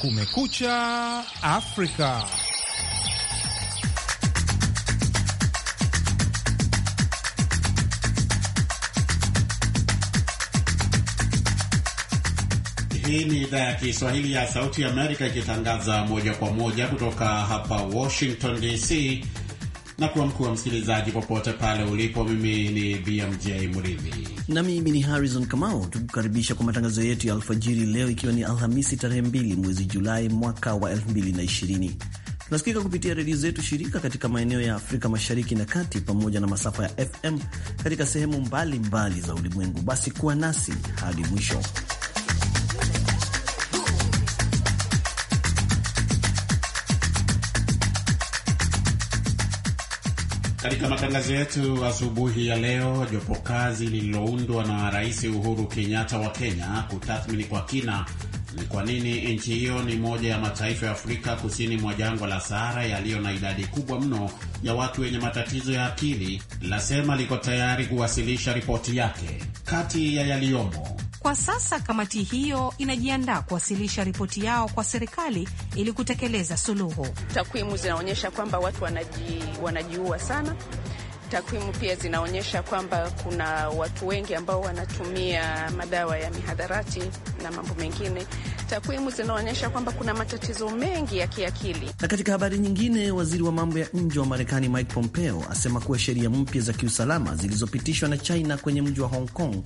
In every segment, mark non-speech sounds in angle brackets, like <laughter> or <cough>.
Kumekucha Afrika. Hii ni idhaa ya Kiswahili ya Sauti ya Amerika ikitangaza moja kwa moja kutoka hapa Washington DC na kuwa mkuu wa msikilizaji popote pale ulipo. Mimi ni BMJ mridhi na mimi ni Harrison Kamau, tukukaribisha kwa matangazo yetu ya alfajiri leo, ikiwa ni Alhamisi tarehe 2 mwezi Julai mwaka wa 2020. Tunasikika kupitia redio zetu shirika katika maeneo ya Afrika mashariki na kati, pamoja na masafa ya FM katika sehemu mbalimbali mbali za ulimwengu. Basi kuwa nasi hadi mwisho. Katika matangazo yetu asubuhi ya leo, jopo kazi lililoundwa na Rais Uhuru Kenyatta wa Kenya kutathmini kwa kina ni kwa nini nchi hiyo ni moja ya mataifa ya Afrika kusini mwa jangwa la Sahara yaliyo na idadi kubwa mno ya watu wenye matatizo ya akili, lasema liko tayari kuwasilisha ripoti yake. Kati ya yaliyomo kwa sasa kamati hiyo inajiandaa kuwasilisha ripoti yao kwa serikali ili kutekeleza suluhu. Takwimu zinaonyesha kwamba watu wanaji, wanajiua sana. Takwimu pia zinaonyesha kwamba kuna watu wengi ambao wanatumia madawa ya mihadharati na mambo mengine. Takwimu zinaonyesha kwamba kuna matatizo mengi ya kiakili. Na katika habari nyingine, waziri wa mambo ya nje wa Marekani Mike Pompeo asema kuwa sheria mpya za kiusalama zilizopitishwa na China kwenye mji wa Hong Kong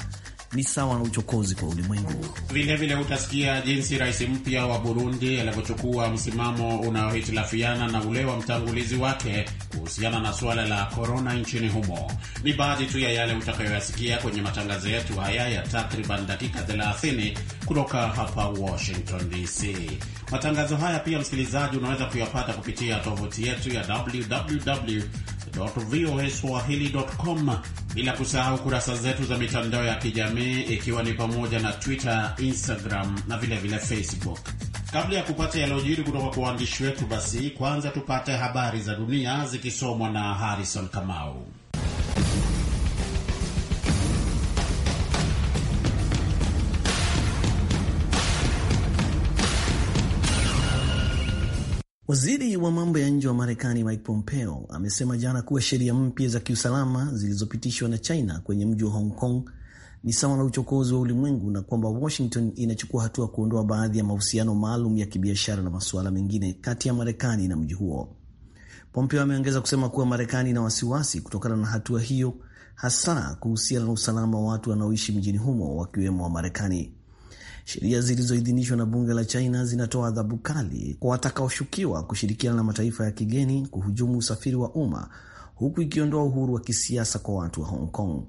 ni sawa na uchokozi kwa ulimwengu. Vilevile utasikia jinsi rais mpya wa Burundi alivyochukua msimamo unaohitilafiana na ule wa mtangulizi wake kuhusiana na suala la korona nchini humo. Ni baadhi tu ya yale utakayoyasikia kwenye matangazo yetu haya ya takriban dakika 30 kutoka hapa Washington DC. Matangazo haya pia, msikilizaji, unaweza kuyapata kupitia tovuti yetu ya www voaswahili.com, bila kusahau kurasa zetu za mitandao ya kijamii ikiwa ni pamoja na Twitter, Instagram na vilevile vile Facebook. Kabla ya kupata yaliyojiri kutoka kwa waandishi wetu, basi kwanza tupate habari za dunia zikisomwa na Harrison Kamau. Waziri wa mambo ya nje wa Marekani Mike Pompeo amesema jana kuwa sheria mpya za kiusalama zilizopitishwa na China kwenye mji wa Hong Kong ni sawa na uchokozi wa ulimwengu na kwamba Washington inachukua hatua kuondoa baadhi ya mahusiano maalum ya kibiashara na masuala mengine kati ya Marekani na mji huo. Pompeo ameongeza kusema kuwa Marekani ina wasiwasi kutokana na hatua hiyo, hasa kuhusiana na usalama wa watu wanaoishi mjini humo wakiwemo Wamarekani. Sheria zilizoidhinishwa na bunge la China zinatoa adhabu kali kwa watakaoshukiwa kushirikiana na mataifa ya kigeni kuhujumu usafiri wa umma, huku ikiondoa uhuru wa kisiasa kwa watu wa Hong Kong.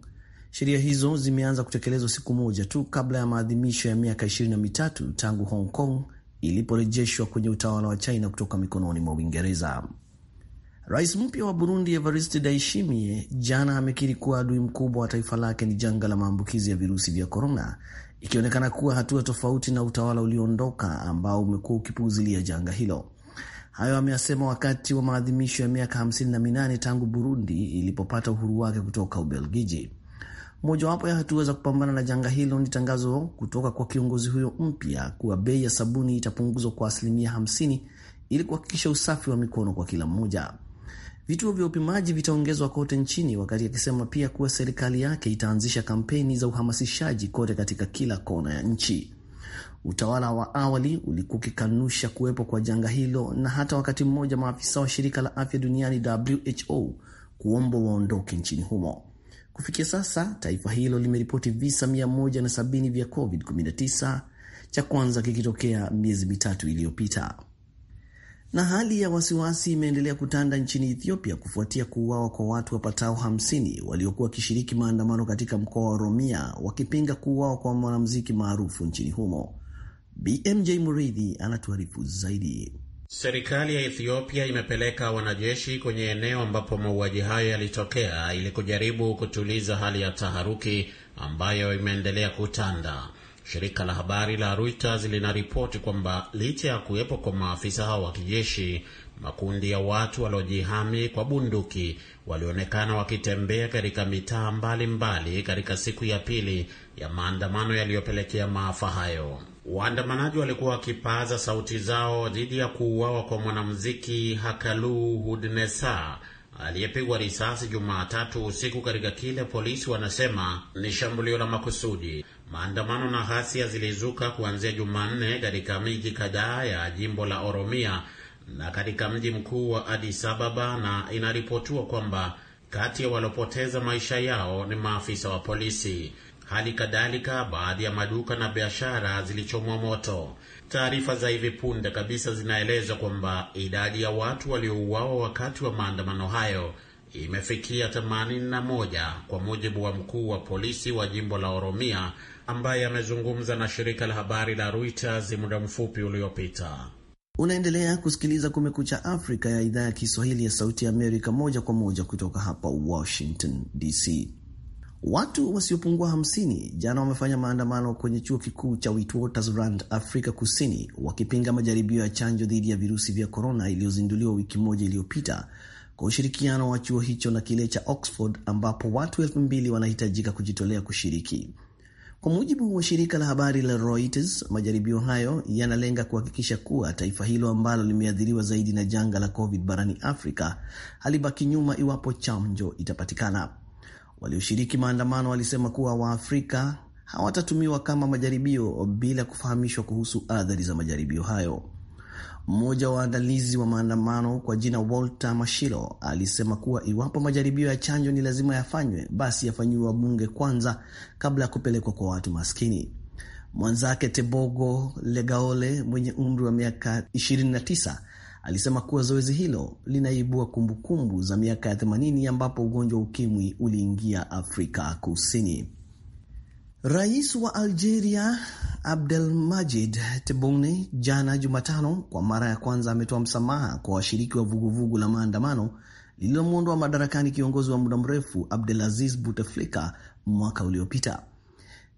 Sheria hizo zimeanza kutekelezwa siku moja tu kabla ya maadhimisho ya miaka ishirini na mitatu tangu Hong Kong iliporejeshwa kwenye utawala wa China kutoka mikononi mwa Uingereza. Rais mpya wa Burundi Evariste Ndayishimiye jana amekiri kuwa adui mkubwa wa taifa lake ni janga la maambukizi ya virusi vya korona ikionekana kuwa hatua tofauti na utawala ulioondoka ambao umekuwa ukipuuzilia janga hilo. Hayo ameyasema wakati wa maadhimisho ya miaka 58 tangu Burundi ilipopata uhuru wake kutoka Ubelgiji. Mojawapo ya hatua za kupambana na janga hilo ni tangazo kutoka kwa kiongozi huyo mpya kuwa bei ya sabuni itapunguzwa kwa asilimia 50 ili kuhakikisha usafi wa mikono kwa kila mmoja. Vituo vya upimaji vitaongezwa kote nchini, wakati akisema pia kuwa serikali yake itaanzisha kampeni za uhamasishaji kote katika kila kona ya nchi. Utawala wa awali ulikuwa ukikanusha kuwepo kwa janga hilo na hata wakati mmoja maafisa wa shirika la afya duniani WHO kuomba waondoke nchini humo. Kufikia sasa taifa hilo limeripoti visa 170 vya COVID-19, cha kwanza kikitokea miezi mitatu iliyopita. Na hali ya wasiwasi imeendelea kutanda nchini Ethiopia kufuatia kuuawa kwa watu wapatao 50 waliokuwa wakishiriki maandamano katika mkoa wa Oromia wakipinga kuuawa kwa mwanamuziki maarufu nchini humo. BMJ Muridhi anatuarifu zaidi. Serikali ya Ethiopia imepeleka wanajeshi kwenye eneo ambapo mauaji hayo yalitokea ili kujaribu kutuliza hali ya taharuki ambayo imeendelea kutanda. Shirika la habari la Reuters linaripoti kwamba licha ya kuwepo kwa maafisa hao wa kijeshi, makundi ya watu waliojihami kwa bunduki walionekana wakitembea katika mitaa mbalimbali katika siku ya pili ya maandamano yaliyopelekea maafa hayo. Waandamanaji walikuwa wakipaza sauti zao dhidi ya kuuawa kwa mwanamuziki Hakalu Hudnesa aliyepigwa risasi Jumatatu usiku katika kile polisi wanasema ni shambulio la makusudi. Maandamano na ghasia zilizuka kuanzia Jumanne katika miji kadhaa ya jimbo la Oromia na katika mji mkuu wa Addis Ababa, na inaripotiwa kwamba kati ya waliopoteza maisha yao ni maafisa wa polisi. Hali kadhalika, baadhi ya maduka na biashara zilichomwa moto. Taarifa za hivi punde kabisa zinaeleza kwamba idadi ya watu waliouawa wakati wa maandamano hayo imefikia 81 kwa mujibu wa mkuu wa polisi wa jimbo la Oromia ambaye amezungumza na shirika la habari la Reuters muda mfupi uliopita. Unaendelea kusikiliza Kumekucha Afrika ya idhaa ya Kiswahili ya Sauti ya Amerika, moja kwa moja kutoka hapa Washington DC. Watu wasiopungua 50 jana wamefanya maandamano kwenye chuo kikuu cha Witwatersrand, Afrika Kusini, wakipinga majaribio ya chanjo dhidi ya virusi vya korona iliyozinduliwa wiki moja iliyopita kwa ushirikiano wa chuo hicho na kile cha Oxford, ambapo watu elfu mbili wanahitajika kujitolea kushiriki. Kwa mujibu wa shirika la habari la Reuters, majaribio hayo yanalenga kuhakikisha kuwa taifa hilo ambalo limeathiriwa zaidi na janga la COVID barani Afrika halibaki nyuma iwapo chanjo itapatikana. Walioshiriki maandamano walisema kuwa Waafrika hawatatumiwa kama majaribio bila kufahamishwa kuhusu athari za majaribio hayo. Mmoja wa waandalizi wa maandamano kwa jina Walter Mashilo alisema kuwa iwapo majaribio ya chanjo ni lazima yafanywe, basi yafanyiwe wabunge kwanza kabla ya kupelekwa kwa watu maskini. Mwenzake Tebogo Legaole mwenye umri wa miaka 29 alisema kuwa zoezi hilo linaibua kumbukumbu za miaka ya 80 ambapo ugonjwa wa ukimwi uliingia Afrika Kusini. Rais wa Algeria abdel majid Tebboune jana Jumatano kwa mara ya kwanza ametoa msamaha kwa washiriki wa vuguvugu vugu la maandamano lililomwondoa madarakani kiongozi wa muda mrefu Abdelaziz Bouteflika mwaka uliopita.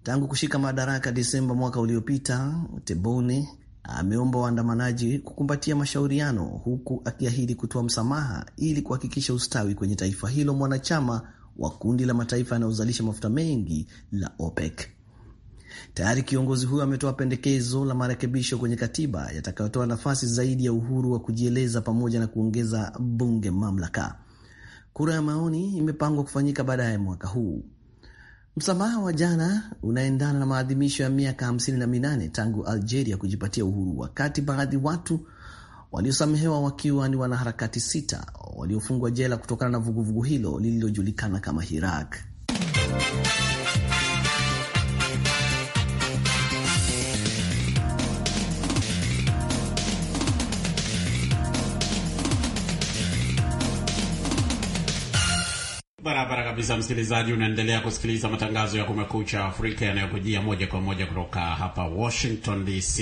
Tangu kushika madaraka Desemba mwaka uliopita, Tebboune ameomba waandamanaji kukumbatia mashauriano, huku akiahidi kutoa msamaha ili kuhakikisha ustawi kwenye taifa hilo mwanachama wa kundi la mataifa yanayozalisha mafuta mengi la OPEC. Tayari kiongozi huyo ametoa pendekezo la marekebisho kwenye katiba yatakayotoa nafasi zaidi ya uhuru wa kujieleza pamoja na kuongeza bunge mamlaka. Kura ya maoni imepangwa kufanyika baadaye mwaka huu. Msamaha wa jana unaendana na maadhimisho ya miaka 58 tangu Algeria kujipatia uhuru, wakati baadhi watu waliosamehewa wakiwa ni wanaharakati sita waliofungwa jela kutokana na vuguvugu hilo lililojulikana kama Hirak. Barabara kabisa, msikilizaji, unaendelea kusikiliza matangazo ya Kumekucha Afrika yanayokujia moja kwa moja kutoka hapa Washington DC.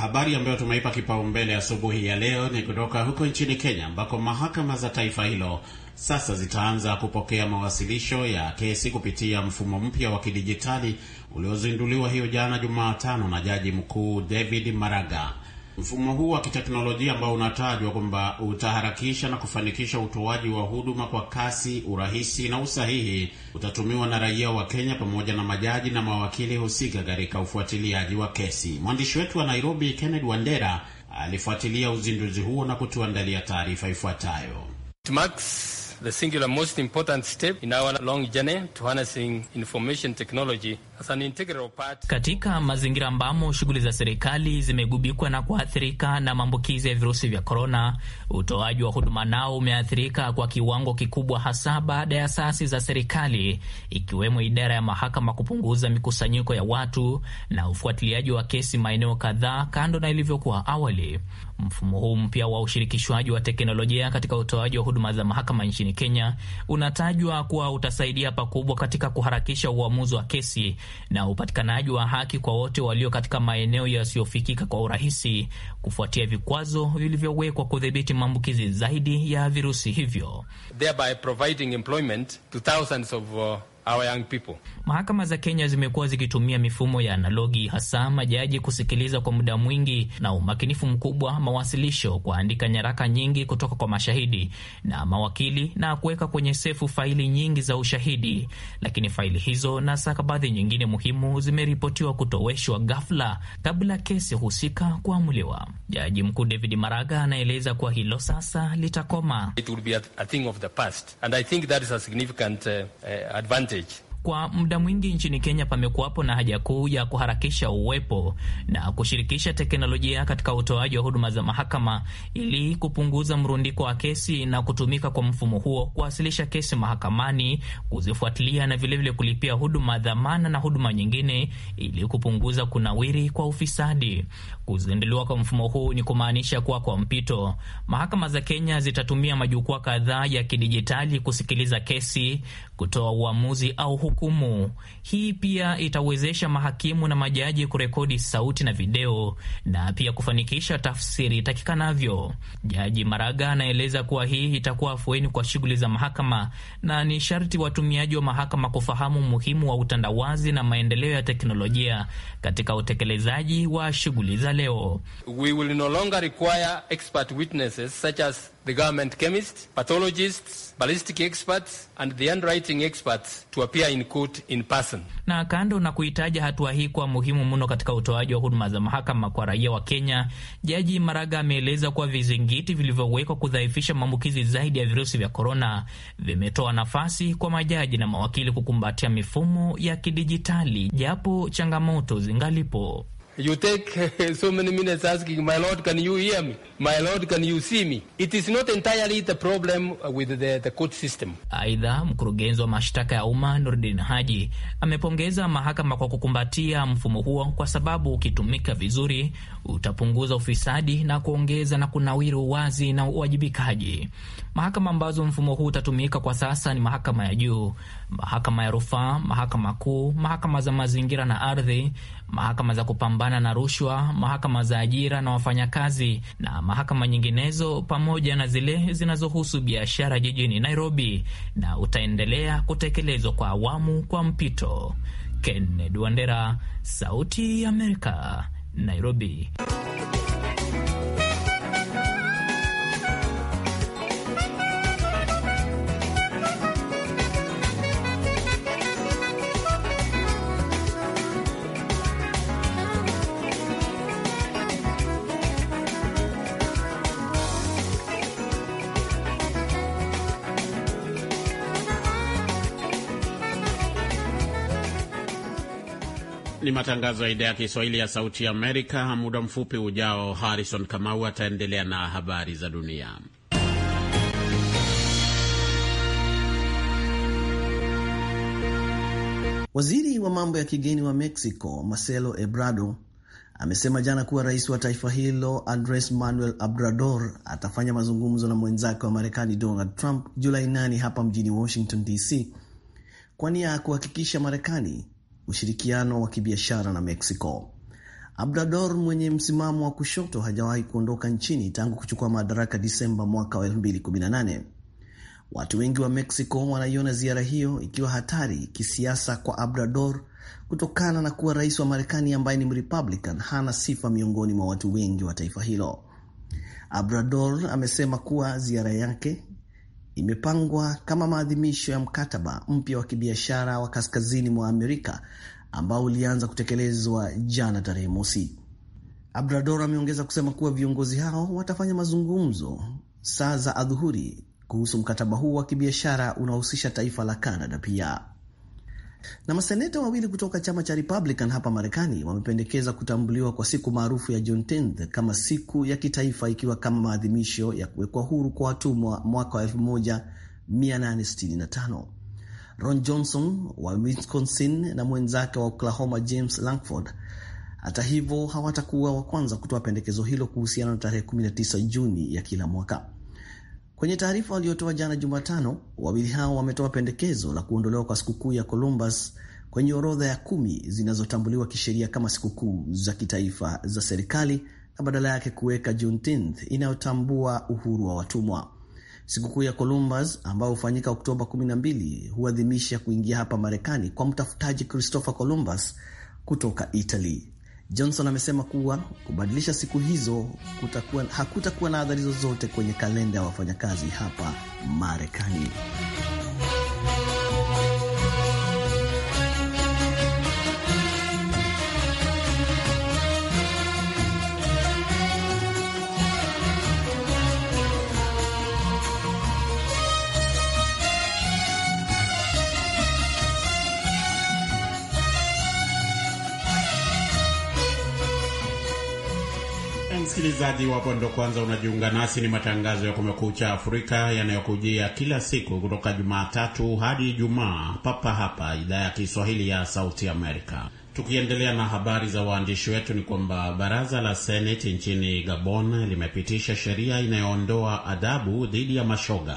Habari ambayo tumeipa kipaumbele asubuhi ya leo ni kutoka huko nchini Kenya, ambako mahakama za taifa hilo sasa zitaanza kupokea mawasilisho ya kesi kupitia mfumo mpya wa kidijitali uliozinduliwa hiyo jana Jumatano na Jaji Mkuu David Maraga. Mfumo huu wa kiteknolojia ambao unatajwa kwamba utaharakisha na kufanikisha utoaji wa huduma kwa kasi, urahisi na usahihi, utatumiwa na raia wa Kenya pamoja na majaji na mawakili husika katika ufuatiliaji wa kesi. Mwandishi wetu wa Nairobi, Kennedy Wandera, alifuatilia uzinduzi huo na kutuandalia taarifa ifuatayo. Tmax the singular most important step in our long journey to harnessing information technology as an integral part. Katika mazingira ambamo shughuli za serikali zimegubikwa na kuathirika na maambukizi ya virusi vya korona, utoaji wa huduma nao umeathirika kwa kiwango kikubwa, hasa baada ya asasi za serikali ikiwemo idara ya mahakama kupunguza mikusanyiko ya watu na ufuatiliaji wa kesi maeneo kadhaa, kando na ilivyokuwa awali. Mfumo huu mpya wa ushirikishwaji wa teknolojia katika utoaji wa huduma za mahakama nchini Kenya unatajwa kuwa utasaidia pakubwa katika kuharakisha uamuzi wa kesi na upatikanaji wa haki kwa wote walio katika maeneo yasiyofikika kwa urahisi, kufuatia vikwazo vilivyowekwa kudhibiti maambukizi zaidi ya virusi hivyo, our young people. Mahakama za Kenya zimekuwa zikitumia mifumo ya analogi, hasa majaji kusikiliza kwa muda mwingi na umakinifu mkubwa mawasilisho, kuandika nyaraka nyingi kutoka kwa mashahidi na mawakili na kuweka kwenye sefu faili nyingi za ushahidi. Lakini faili hizo na sakabadhi nyingine muhimu zimeripotiwa kutoweshwa ghafla kabla kesi husika kuamuliwa. Jaji Mkuu David Maraga anaeleza kuwa hilo sasa litakoma. It will be a thing of the past and I think that is a significant, uh, uh advantage strategy Kwa muda mwingi nchini Kenya pamekuwapo na haja kuu ya kuharakisha uwepo na kushirikisha teknolojia katika utoaji wa huduma za mahakama ili kupunguza mrundiko wa kesi na kutumika kwa mfumo huo kuwasilisha kesi mahakamani, kuzifuatilia na vilevile vile kulipia huduma dhamana na huduma nyingine ili kupunguza kunawiri kwa ufisadi. Kuzinduliwa kwa mfumo huu ni kumaanisha kuwa kwa mpito, mahakama za Kenya zitatumia majukwaa kadhaa ya kidijitali kusikiliza kesi, kutoa uamuzi au hukumu. Hii pia itawezesha mahakimu na majaji kurekodi sauti na video na pia kufanikisha tafsiri itakikanavyo. Jaji Maraga anaeleza kuwa hii itakuwa afueni kwa shughuli za mahakama na ni sharti watumiaji wa mahakama kufahamu umuhimu wa utandawazi na maendeleo ya teknolojia katika utekelezaji wa shughuli za leo. We will no longer require expert witnesses such as the government chemists, pathologists, ballistic experts and the handwriting experts to appear in court in person. Na kando na kuitaja hatua hii kuwa muhimu mno katika utoaji wa huduma za mahakama kwa raia wa Kenya, Jaji Maraga ameeleza kuwa vizingiti vilivyowekwa kudhaifisha maambukizi zaidi ya virusi vya korona vimetoa nafasi kwa majaji na mawakili kukumbatia mifumo ya kidijitali japo changamoto zingalipo. You take <laughs> so many minutes asking, my lord, can you hear me? My lord, can you see me? It is not entirely the problem with the, the court system. Aidha, mkurugenzi wa mashtaka ya umma Nurdin Haji amepongeza mahakama kwa kukumbatia mfumo huo kwa sababu ukitumika vizuri utapunguza ufisadi na kuongeza na kunawiri uwazi na uwajibikaji. Mahakama ambazo mfumo huu utatumika kwa sasa ni mahakama ya juu, mahakama ya rufaa, mahakama kuu, mahakama za mazingira na ardhi, mahakama za kupambana na rushwa, mahakama za ajira na wafanyakazi na mahakama nyinginezo, pamoja na zile zinazohusu biashara jijini Nairobi, na utaendelea kutekelezwa kwa awamu kwa mpito. Kennedy Wandera, Sauti ya Amerika, Nairobi. Ni matangazo ya idhaa ya Kiswahili ya Sauti ya Amerika. Muda mfupi ujao, Harrison Kamau ataendelea na habari za dunia. Waziri wa mambo ya kigeni wa Mexico Marcelo Ebrado amesema jana kuwa rais wa taifa hilo Andres Manuel Obrador atafanya mazungumzo na mwenzake wa Marekani Donald Trump Julai 8 hapa mjini Washington DC kwa nia ya kuhakikisha Marekani ushirikiano wa kibiashara na Mexico. Obrador mwenye msimamo wa kushoto hajawahi kuondoka nchini tangu kuchukua madaraka Disemba mwaka wa 2018. Watu wengi wa Mexico wanaiona ziara hiyo ikiwa hatari kisiasa kwa Obrador kutokana na kuwa rais wa Marekani ambaye ni Mrepublican hana sifa miongoni mwa watu wengi wa taifa hilo. Obrador amesema kuwa ziara yake imepangwa kama maadhimisho ya mkataba mpya wa kibiashara wa kaskazini mwa Amerika ambao ulianza kutekelezwa jana tarehe mosi. Abrador ameongeza kusema kuwa viongozi hao watafanya mazungumzo saa za adhuhuri kuhusu mkataba huu wa kibiashara unaohusisha taifa la Canada pia. Na maseneta wawili kutoka chama cha Republican hapa Marekani wamependekeza kutambuliwa kwa siku maarufu ya June 10 kama siku ya kitaifa, ikiwa kama maadhimisho ya kuwekwa huru kwa watumwa mwaka wa 1865. Ron Johnson wa Wisconsin na mwenzake wa Oklahoma James Lankford hata hivyo hawatakuwa wa kwanza kutoa pendekezo hilo kuhusiana na tarehe 19 Juni ya kila mwaka. Kwenye taarifa waliotoa jana Jumatano, wawili hao wametoa pendekezo la kuondolewa kwa sikukuu ya Columbus kwenye orodha ya kumi zinazotambuliwa kisheria kama sikukuu za kitaifa za serikali na badala yake kuweka Juneteenth inayotambua uhuru wa watumwa. Sikukuu ya Columbus ambayo hufanyika Oktoba 12 huadhimisha kuingia hapa Marekani kwa mtafutaji Christopher Columbus kutoka Italy. Johnson amesema kuwa kubadilisha siku hizo hakutakuwa na adhari zozote kwenye kalenda ya wafanyakazi hapa Marekani. Msikilizaji wapo ndo kwanza unajiunga nasi, ni matangazo ya Kumekucha Afrika yanayokujia kila siku kutoka Jumatatu hadi Ijumaa papa hapa idhaa ya Kiswahili ya Sauti Amerika. Tukiendelea na habari za waandishi wetu, ni kwamba baraza la seneti nchini Gabon limepitisha sheria inayoondoa adhabu dhidi ya mashoga.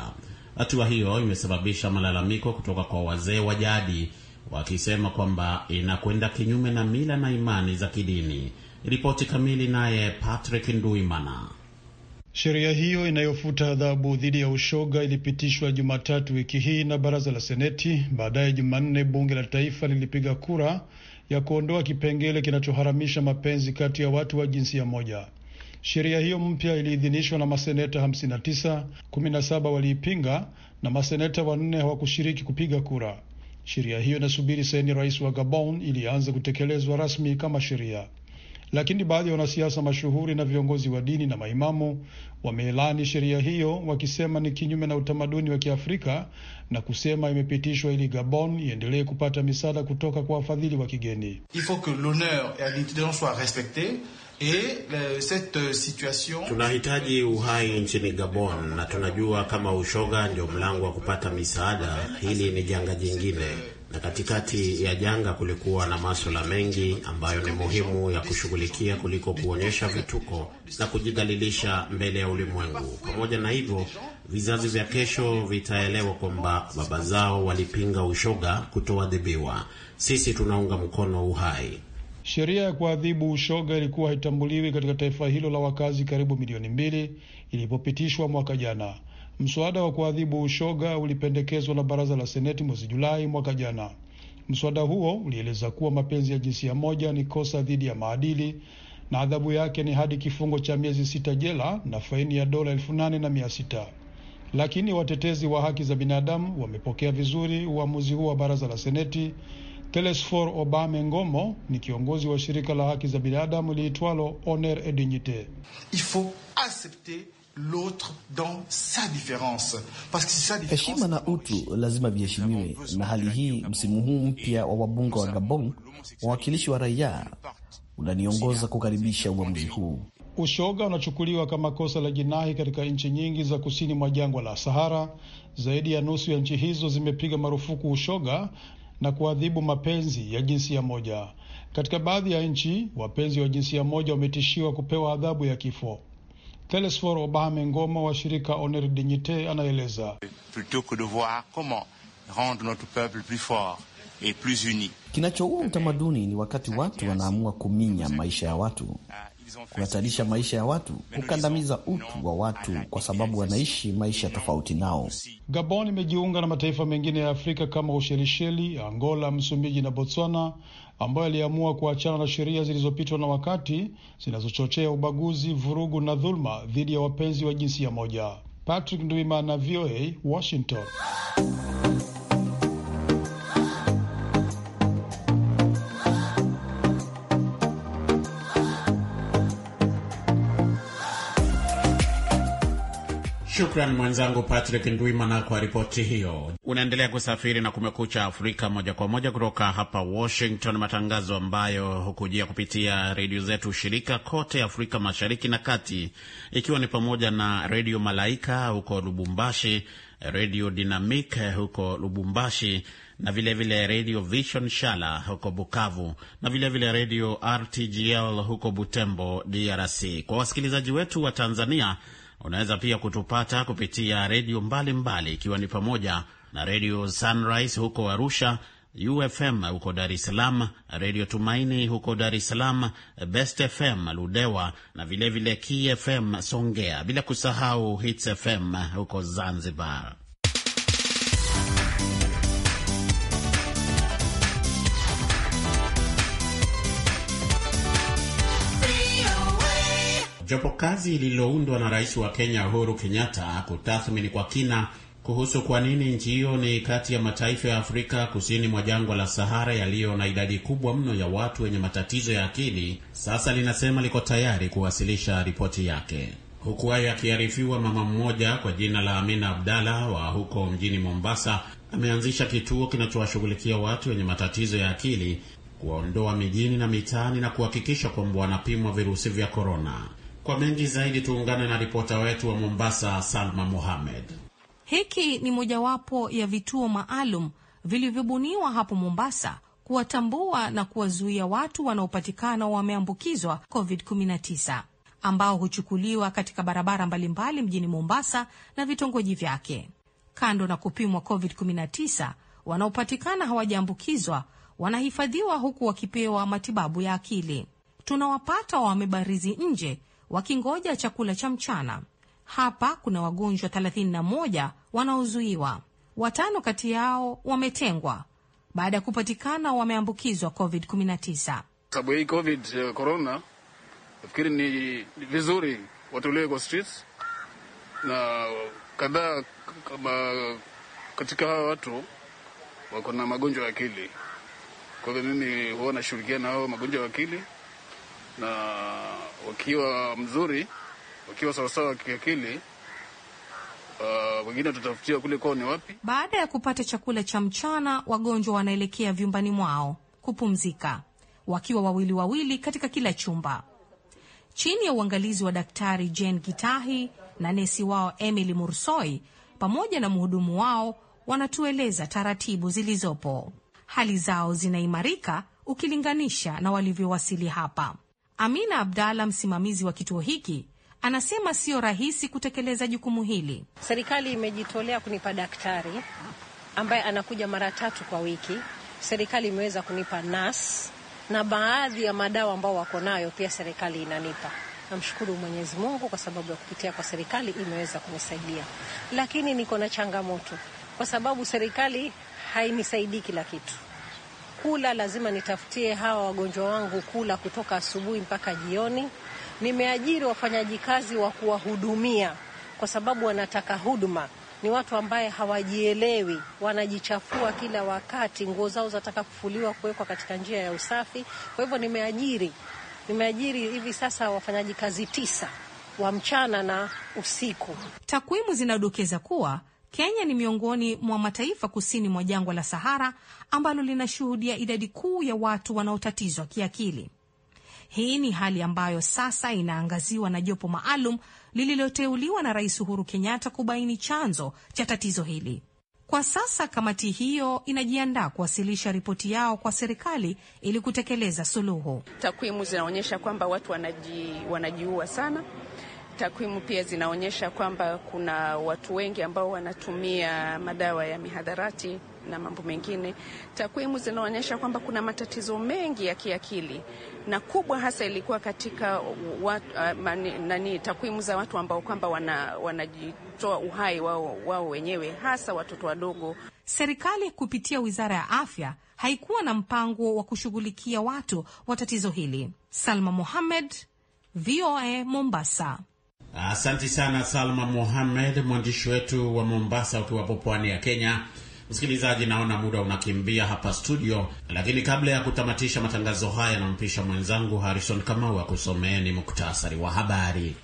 Hatua hiyo imesababisha malalamiko kutoka kwa wazee wa jadi wakisema kwamba inakwenda kinyume na mila na imani za kidini. Ripoti kamili naye Patrick Nduimana. Sheria hiyo inayofuta adhabu dhidi ya ushoga ilipitishwa Jumatatu wiki hii na baraza la Seneti. Baadaye Jumanne, bunge la taifa lilipiga kura ya kuondoa kipengele kinachoharamisha mapenzi kati ya watu wa jinsia moja. Sheria hiyo mpya iliidhinishwa na maseneta 59, 17 waliipinga na maseneta wanne hawakushiriki kupiga kura. Sheria hiyo inasubiri saini rais wa Gabon ili kutekelezwa rasmi kama sheria lakini baadhi ya wanasiasa mashuhuri na viongozi wa dini na maimamu wameelani sheria hiyo wakisema ni kinyume na utamaduni wa Kiafrika na kusema imepitishwa ili Gabon iendelee kupata misaada kutoka kwa wafadhili wa kigeni. Il faut que l'honneur et la dignité soient respectées. Euh, cette euh, situation... tunahitaji uhai nchini Gabon na tunajua kama ushoga ndio mlango wa kupata misaada. Hili ni janga jingine na katikati ya janga kulikuwa na maswala mengi ambayo ni muhimu ya kushughulikia kuliko kuonyesha vituko na kujidhalilisha mbele ya ulimwengu. Pamoja na hivyo, vizazi vya kesho vitaelewa kwamba baba zao walipinga ushoga kutoadhibiwa. Sisi tunaunga mkono uhai. Sheria ya kuadhibu ushoga ilikuwa haitambuliwi katika taifa hilo la wakazi karibu milioni mbili ilipopitishwa mwaka jana. Mswada wa kuadhibu ushoga ulipendekezwa na baraza la seneti mwezi Julai mwaka jana. Mswada huo ulieleza kuwa mapenzi ya jinsia moja ni kosa dhidi ya maadili na adhabu yake ni hadi kifungo cha miezi sita jela na faini ya dola elfu nane na mia sita. Lakini watetezi wa haki za binadamu wamepokea vizuri uamuzi huo wa baraza la seneti. Telesfor Obame Ngomo ni kiongozi wa shirika la haki za binadamu liitwalo Honor et Dignite. Il faut accepter Heshima na utu lazima viheshimiwe, na hali hii msimu huu mpya wa wabunge wa Gabon, wawakilishi wa raia, unaniongoza kukaribisha uamuzi huu. Ushoga unachukuliwa kama kosa la jinai katika nchi nyingi za kusini mwa jangwa la Sahara. Zaidi ya nusu ya nchi hizo zimepiga marufuku ushoga na kuadhibu mapenzi ya jinsia moja. Katika baadhi ya nchi, wapenzi wa jinsia moja wametishiwa kupewa adhabu ya kifo. Telesfor Obame Ngoma wa shirika Oner Dignite anaeleza kinachoua utamaduni ni wakati watu wanaamua kuminya maisha ya watu, kuhatarisha maisha ya watu, kukandamiza utu wa watu kwa sababu wanaishi maisha tofauti nao. Gabon imejiunga na mataifa mengine ya Afrika kama Ushelisheli, Angola, Msumbiji na Botswana ambayo aliamua kuachana na sheria zilizopitwa na wakati zinazochochea ubaguzi, vurugu na dhuluma dhidi ya wapenzi wa jinsia moja. Patrick Ndwimana, VOA, Washington. Shukran mwenzangu Patrick Ndwimana kwa ripoti hiyo. Unaendelea kusafiri na Kumekucha Afrika moja kwa moja kutoka hapa Washington, matangazo ambayo hukujia kupitia redio zetu shirika kote Afrika Mashariki na Kati, ikiwa ni pamoja na Redio Malaika huko Lubumbashi, Redio Dinamik huko Lubumbashi na vilevile Redio Vision Shala huko Bukavu na vilevile Redio RTGL huko Butembo, DRC. Kwa wasikilizaji wetu wa Tanzania Unaweza pia kutupata kupitia redio mbalimbali ikiwa ni pamoja na redio Sunrise huko Arusha, UFM huko Dar es Salaam, redio Tumaini huko Dar es Salaam, Best FM Ludewa na vilevile KFM Songea, bila kusahau Hits FM huko Zanzibar. Jopo kazi lililoundwa na rais wa Kenya Uhuru Kenyatta kutathmini kwa kina kuhusu kwa nini nchi hiyo ni kati ya mataifa ya Afrika kusini mwa jangwa la Sahara yaliyo na idadi kubwa mno ya watu wenye matatizo ya akili, sasa linasema liko tayari kuwasilisha ripoti yake. Huku hayo akiarifiwa, mama mmoja kwa jina la Amina Abdalla wa huko mjini Mombasa ameanzisha kituo kinachowashughulikia watu wenye matatizo ya akili, kuwaondoa mijini na mitaani na kuhakikisha kwamba wanapimwa virusi vya korona. Kwa mengi zaidi tuungane na ripota wetu wa Mombasa, Salma Mohamed. Hiki ni mojawapo ya vituo maalum vilivyobuniwa hapo Mombasa kuwatambua na kuwazuia watu wanaopatikana wameambukizwa COVID-19 ambao huchukuliwa katika barabara mbalimbali mjini Mombasa na vitongoji vyake. Kando na kupimwa COVID-19, wanaopatikana hawajaambukizwa wanahifadhiwa huku wakipewa matibabu ya akili. Tunawapata wamebarizi nje wakingoja chakula cha mchana. Hapa kuna wagonjwa 31 wanaozuiwa, watano kati yao wametengwa baada ya kupatikana wameambukizwa COVID-19. Sababu hii COVID eh, corona, nafikiri ni vizuri watolewe kwa streets na kadhaa katika hawa watu wako na magonjwa ya akili. Kwa hivyo mimi huwa nashughulikia na hao magonjwa ya akili na wakiwa mzuri, wakiwa sawasawa kiakili Uh, wengine tutafutia kule kwao ni wapi. Baada ya kupata chakula cha mchana, wagonjwa wanaelekea vyumbani mwao kupumzika, wakiwa wawili wawili katika kila chumba, chini ya uangalizi wa Daktari Jane Gitahi na nesi wao Emily Mursoi pamoja na mhudumu wao. Wanatueleza taratibu zilizopo. Hali zao zinaimarika ukilinganisha na walivyowasili hapa. Amina Abdalla, msimamizi wa kituo hiki, anasema sio rahisi kutekeleza jukumu hili. Serikali imejitolea kunipa daktari ambaye anakuja mara tatu kwa wiki. Serikali imeweza kunipa nas na baadhi ya madawa ambao wako nayo pia serikali inanipa. Namshukuru Mwenyezi Mungu kwa sababu ya kupitia kwa serikali imeweza kunisaidia, lakini niko na changamoto kwa sababu serikali hainisaidii kila kitu kula, lazima nitafutie hawa wagonjwa wangu kula kutoka asubuhi mpaka jioni. Nimeajiri wafanyaji kazi wa kuwahudumia kwa sababu wanataka huduma. Ni watu ambaye hawajielewi, wanajichafua kila wakati, nguo zao zataka kufuliwa, kuwekwa katika njia ya usafi. Kwa hivyo nimeajiri nimeajiri hivi sasa wafanyaji kazi tisa wa mchana na usiku. Takwimu zinadokeza kuwa Kenya ni miongoni mwa mataifa kusini mwa jangwa la Sahara ambalo linashuhudia idadi kuu ya watu wanaotatizwa kiakili. Hii ni hali ambayo sasa inaangaziwa na jopo maalum lililoteuliwa na Rais Uhuru Kenyatta kubaini chanzo cha tatizo hili. Kwa sasa kamati hiyo inajiandaa kuwasilisha ripoti yao kwa serikali ili kutekeleza suluhu. Takwimu zinaonyesha kwamba watu wanaji, wanajiua sana takwimu pia zinaonyesha kwamba kuna watu wengi ambao wanatumia madawa ya mihadharati na mambo mengine. Takwimu zinaonyesha kwamba kuna matatizo mengi ya kiakili na kubwa hasa ilikuwa katika watu, uh, mani, nani takwimu za watu ambao kwamba wanajitoa wana uhai wao, wao wenyewe hasa watoto wadogo. Serikali kupitia Wizara ya Afya haikuwa na mpango wa kushughulikia watu wa tatizo hili. Salma Mohamed, VOA Mombasa. Asante sana Salma Mohamed, mwandishi wetu wa Mombasa, ukiwapo pwani ya Kenya. Msikilizaji, naona muda unakimbia hapa studio, lakini kabla ya kutamatisha matangazo haya, nampisha mwenzangu Harrison Kamau akusomeeni muktasari wa habari.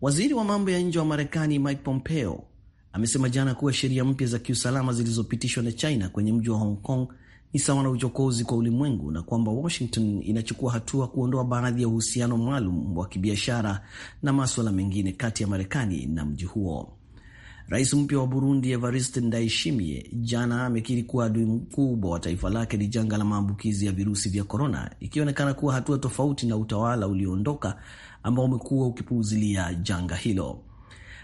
Waziri wa mambo ya nje wa Marekani Mike Pompeo amesema jana kuwa sheria mpya za kiusalama zilizopitishwa na China kwenye mji wa Hong Kong ni sawa na uchokozi kwa ulimwengu na kwamba Washington inachukua hatua kuondoa baadhi ya uhusiano maalum wa kibiashara na maswala mengine kati ya Marekani na mji huo. Rais mpya wa Burundi Evariste Ndayishimiye jana amekiri kuwa adui mkubwa wa taifa lake ni janga la maambukizi ya virusi vya korona, ikionekana kuwa hatua tofauti na utawala ulioondoka ambao umekuwa ukipuuzilia janga hilo.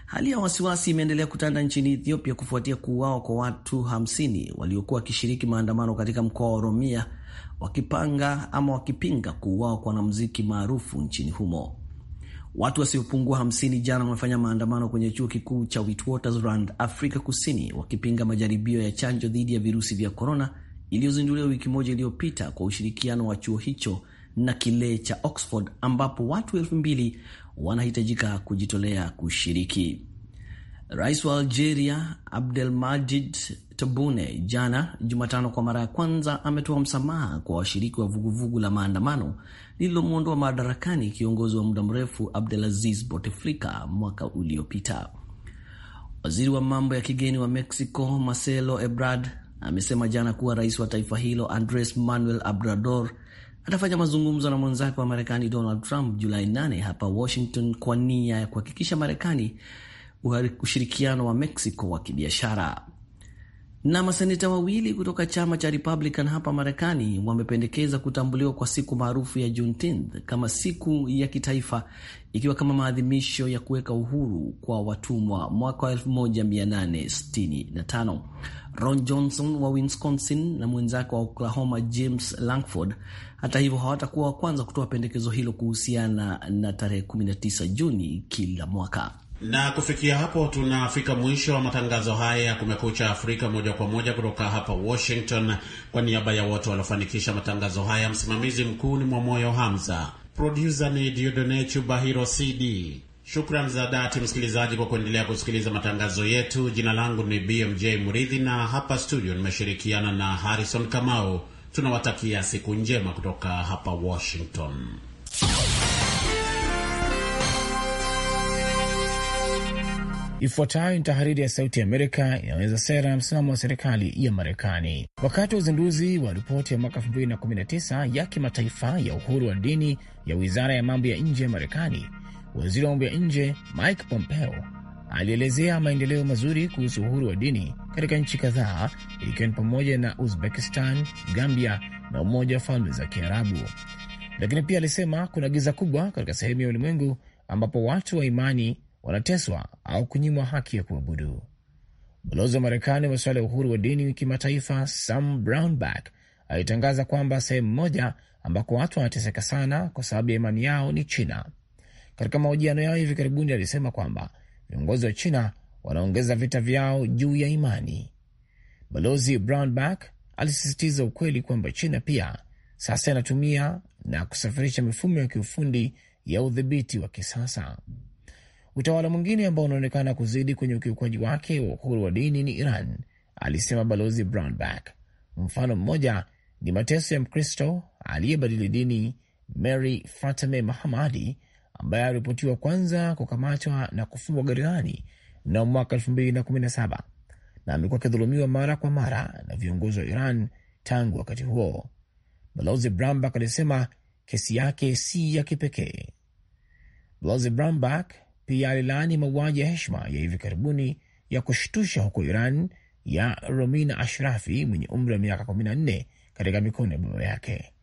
Hali ya wasiwasi imeendelea kutanda nchini Ethiopia kufuatia kuuawa kwa watu 50 waliokuwa wakishiriki maandamano katika mkoa wa Oromia wakipanga ama wakipinga kuuawa kwa wanamuziki maarufu nchini humo. Watu wasiopungua 50 jana wamefanya maandamano kwenye chuo kikuu cha Witwatersrand, Afrika Kusini, wakipinga majaribio ya chanjo dhidi ya virusi vya korona iliyozinduliwa wiki moja iliyopita kwa ushirikiano wa chuo hicho na kile cha Oxford ambapo watu elfu mbili wanahitajika kujitolea kushiriki. Rais wa Algeria Abdelmadjid Tebboune jana Jumatano kwa mara ya kwanza ametoa msamaha kwa washiriki wa vuguvugu la maandamano lililomwondoa madarakani kiongozi wa muda mrefu Abdelaziz Bouteflika mwaka uliopita. Waziri wa mambo ya kigeni wa Mexico Marcelo Ebrard amesema jana kuwa rais wa taifa hilo Andres Manuel Obrador atafanya mazungumzo na mwenzake wa Marekani Donald Trump Julai 8 hapa Washington kwa nia ya kuhakikisha Marekani ushirikiano wa Mexico wa kibiashara. Na maseneta wawili kutoka chama cha Republican hapa Marekani wamependekeza kutambuliwa kwa siku maarufu ya Juneteenth kama siku ya kitaifa, ikiwa kama maadhimisho ya kuweka uhuru kwa watumwa mwaka wa 1865. Ron Johnson wa Wisconsin na mwenzake wa Oklahoma James Lankford hata hivyo hawatakuwa wa kwanza kutoa pendekezo hilo kuhusiana na tarehe 19 Juni kila mwaka. Na kufikia hapo tunafika mwisho wa matangazo haya ya Kumekucha Afrika moja kwa moja kutoka hapa Washington. Kwa niaba ya wote waliofanikisha matangazo haya, msimamizi mkuu ni Mwamoyo Hamza, produsa ni Diodone Chubahiro CD. Shukran za dhati msikilizaji kwa kuendelea kusikiliza matangazo yetu. Jina langu ni BMJ mridhi na hapa studio nimeshirikiana na Harrison Kamau tunawatakia siku njema kutoka hapa Washington. Ifuatayo ni tahariri ya Sauti ya Amerika inaweza sera ya msimamo wa serikali ya Marekani. Wakati wa uzinduzi wa ripoti ya mwaka 2019 ya kimataifa ya uhuru wa dini ya wizara ya mambo ya nje ya Marekani, waziri wa mambo ya nje Mike Pompeo alielezea maendeleo mazuri kuhusu uhuru wa dini katika nchi kadhaa ikiwa ni pamoja na Uzbekistan, Gambia na Umoja wa Falme za Kiarabu. Lakini pia alisema kuna giza kubwa katika sehemu ya ulimwengu ambapo watu wa imani wanateswa au kunyimwa haki ya kuabudu. Balozi wa Marekani wa masuala ya uhuru wa dini kimataifa Sam Brownback alitangaza kwamba sehemu moja ambako watu wanateseka sana kwa sababu ya imani yao ni China. Katika mahojiano yao hivi karibuni, alisema kwamba viongozi wa China wanaongeza vita vyao juu ya imani. Balozi Brownback alisisitiza ukweli kwamba China pia sasa inatumia na kusafirisha mifumo ya kiufundi ya udhibiti wa kisasa. Utawala mwingine ambao unaonekana kuzidi kwenye ukiukwaji wake wa uhuru wa dini ni Iran, alisema balozi Brownback. Mfano mmoja ni mateso ya Mkristo aliyebadili dini Mary Fatame Mahamadi ambaye aliripotiwa kwanza kukamatwa na kufungwa gerezani na mwaka 2017 na amekuwa akidhulumiwa mara kwa mara na viongozi wa Iran tangu wakati huo. Balozi Brambak alisema kesi yake si ya kipekee. Balozi Brambak pia alilaani mauaji ya heshima ya hivi karibuni ya kushtusha huko Iran ya Romina Ashrafi mwenye umri wa miaka 14 katika mikono ya baba yake.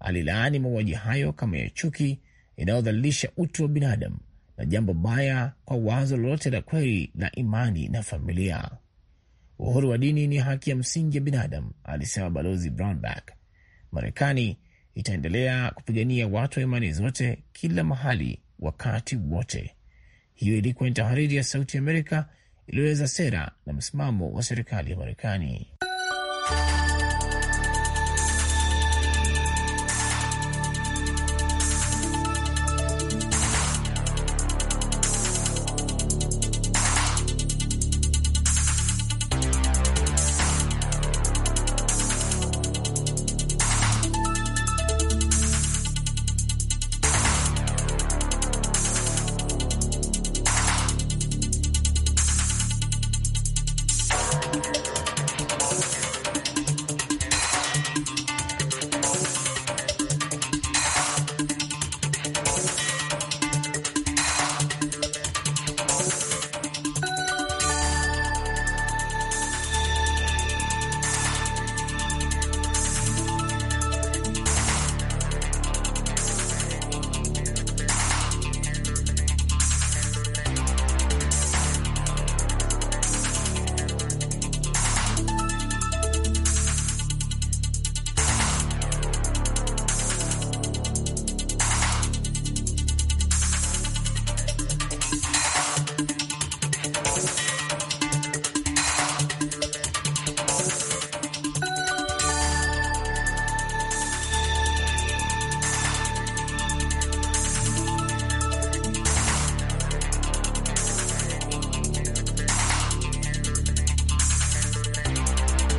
Alilaani mauaji hayo kama ya chuki inayodhalilisha utu wa binadamu na jambo baya kwa wazo lolote la kweli la imani na familia. Uhuru wa dini ni haki ya msingi ya binadamu, alisema Balozi Brownback. Marekani itaendelea kupigania watu wa imani zote kila mahali, wakati wote. Hiyo ilikuwa ni tahariri ya Sauti Amerika iliyoeleza sera na msimamo wa serikali ya Marekani.